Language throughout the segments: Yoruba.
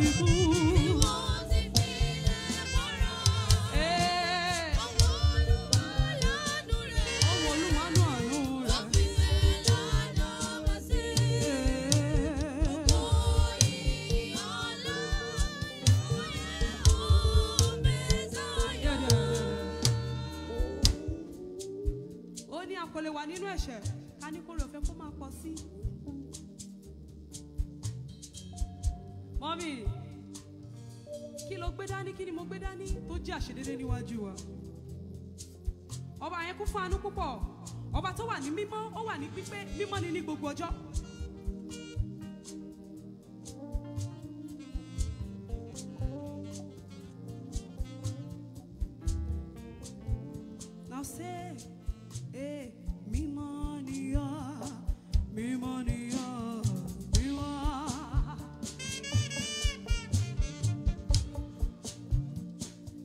ti kú. ó ní kó rò mọ́mì kí ló gbé dání kí ni mo gbé dání tó jẹ́ àṣedédé níwájú wa ọba yẹn kún fún àánú púpọ̀ ọba tó wà ní mímọ́ ó wà ní pípé mímọ́ ni ní gbogbo ọjọ́. Now say.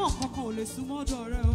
àwọn kankan ò lè súnmọ́ dọ̀rẹ́ o.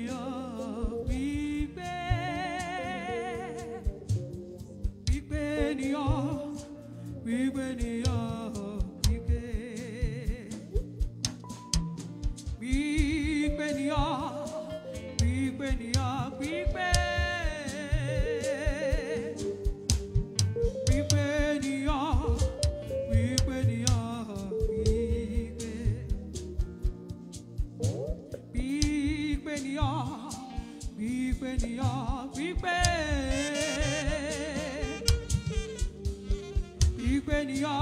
We ni it igwe wípé nìyọ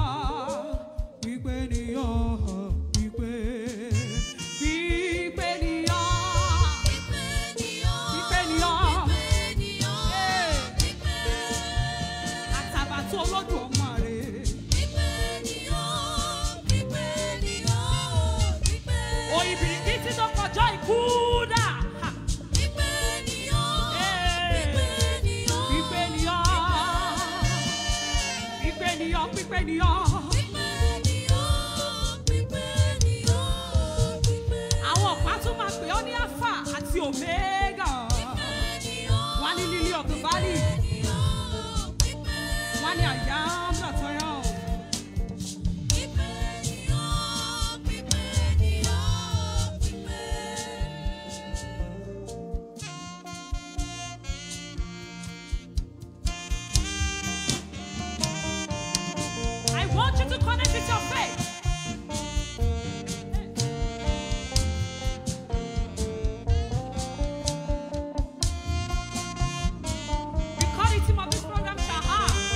wípé nìyọ wípé wípé nìyọ wípé nìyọ wípé nìyọ wípé àtàbàtú ọlọ́dún ọmọ rẹ. wípé nìyọ wípé nìyọ wípé. òyìnbí kí tí tó radio.